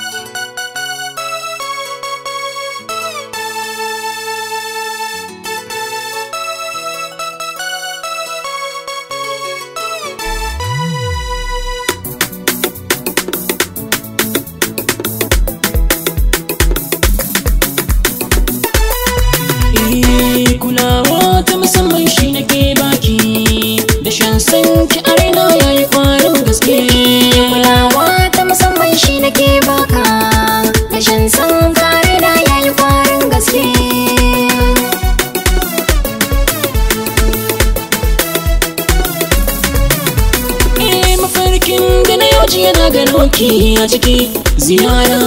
thank you kaji yana ganin ki a ciki Ziyara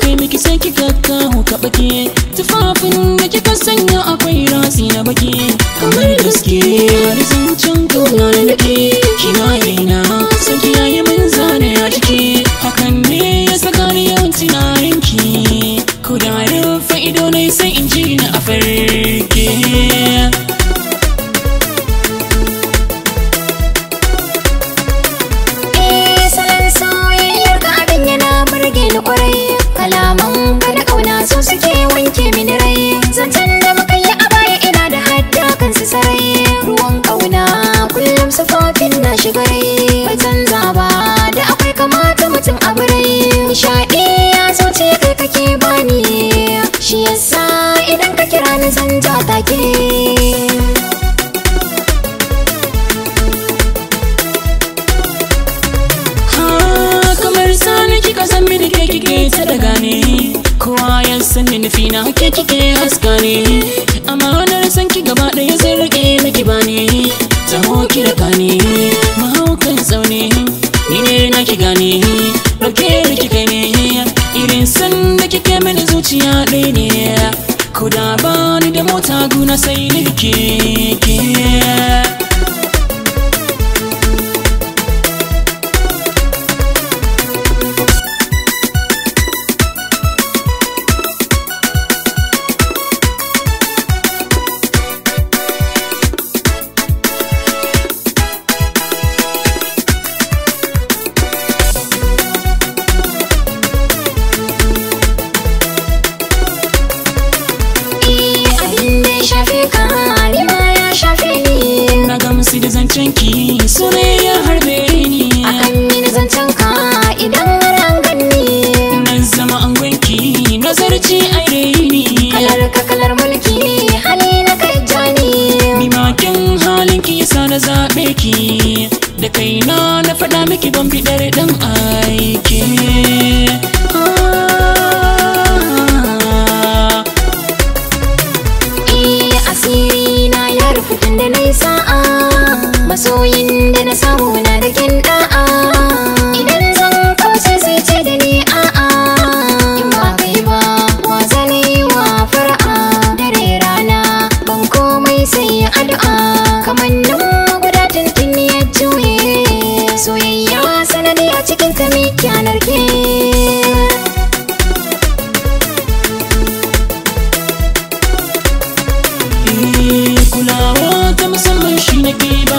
kai miki sai ki kakkahu huka baki Tufafin da kika sanya akwai rasi na baki Kamar gaske wani can kauna na nake Kina yana sun yi min zane a ciki Hakan ne ya saka ni yawan tunanin ki Ko da na sai in ji na a farke zan ja kamar sani kika san mini ke kike ta daga ne kowa ya san ni nufi na ke kike haska ne amanar san ki gaba daya zan rike miki ba ne taho ki mahaukan tsaune ni ne na ki gane dauke riki kai ne irin san da kike mini zuciya ɗaya ne ko da ba da mota guna sai nake ke ki ban bidar dan aiki asiri na ya rufu da na yi sa'a masoyin da na samu na da kyan Me.